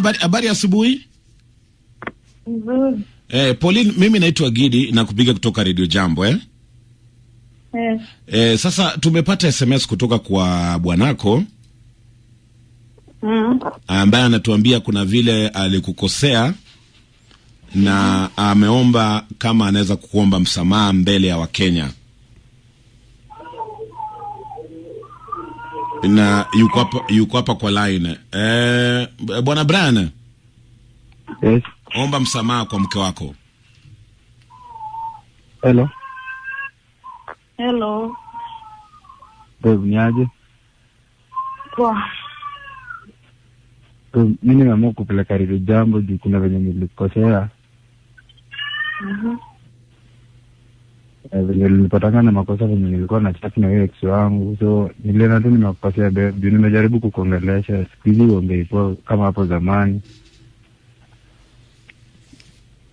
habari, habari asubuhi. Mm-hmm. Eh, Pauline, mimi naitwa Gidi na kupiga kutoka Radio Jambo eh? Eh. Eh, sasa tumepata SMS kutoka kwa bwanako mm, ambaye anatuambia kuna vile alikukosea na ameomba kama anaweza kuomba msamaha mbele ya Wakenya. na yuko hapa yuko hapa kwa line eh, eh, bwana Brian. Yes. Omba msamaha kwa mke wako. Hello. Hello. Babe, eh, niaje? Poa. Eh, mimi nimeamua kupeleka hilo jambo juu kuna venye nilikosea. Mhm. Eh, venye nilipatanga na makosa venye nilikuwa na chat na hiyo ex wangu, so niliona tu nimekukosea babe, nimejaribu kukuongelesha, siku hizi uongei poa kama hapo zamani,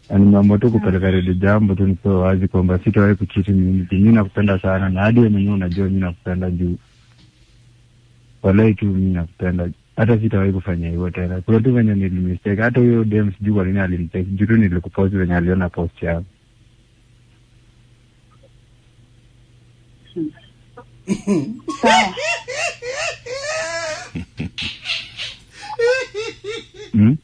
na nimeamua tu kupeleka redi jambo tu nikiwa wazi kwamba sitawahi kuchiti mimi. Mi nakupenda sana, na hadi wewe mwenyewe unajua mi nakupenda juu walai tu mi nakupenda, hata sitawahi kufanya hivyo tena. Kuna tu venye nilimistake, hata huyo dem sijui kwa nini alimistake, juu tu nilikupost venye aliona post yangu Hmm?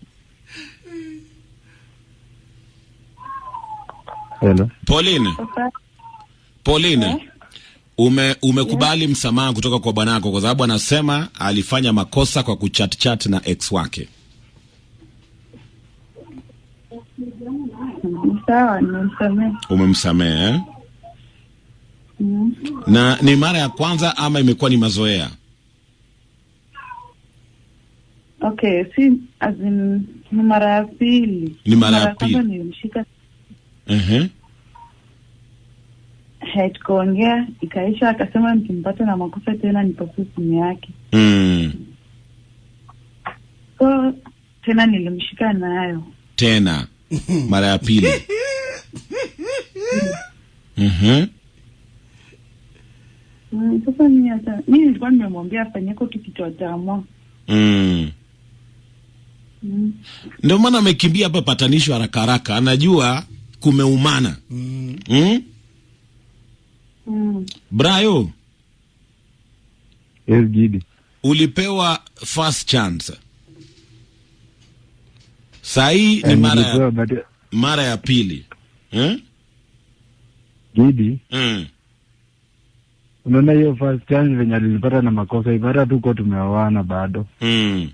Pauline. Pauline. Ume, umekubali msamaha kutoka kwa bwanako kwa sababu anasema alifanya makosa kwa kuchat chat na ex wake. Umemsamehe eh? Na ni mara ya kwanza ama imekuwa ni mazoea? Okay, si as in, ni mara ya pili. Ni mara ya pili. Kwanza nilimshika ehe, hatukaongea eh, ikaisha, akasema nikimpata na makosa tena nipokee simu yake mm. So tena nilimshika nayo tena mara ya pili. mm. uh -huh. Mm, sasa mimi hata nilikuwa nimemwambia afanye kitu mm. mm. Ndio maana amekimbia hapa patanisho haraka haraka, anajua kumeumana. Mm. Mm? Mm. Brayo. Yes, Gidi. Ulipewa first chance. ni eh, mara mara ya pili. Eh? Gidi. Mm. Unaona hiyo first chance venye alilipata na makosa, ibara tu kuwa tumeoana bado mm.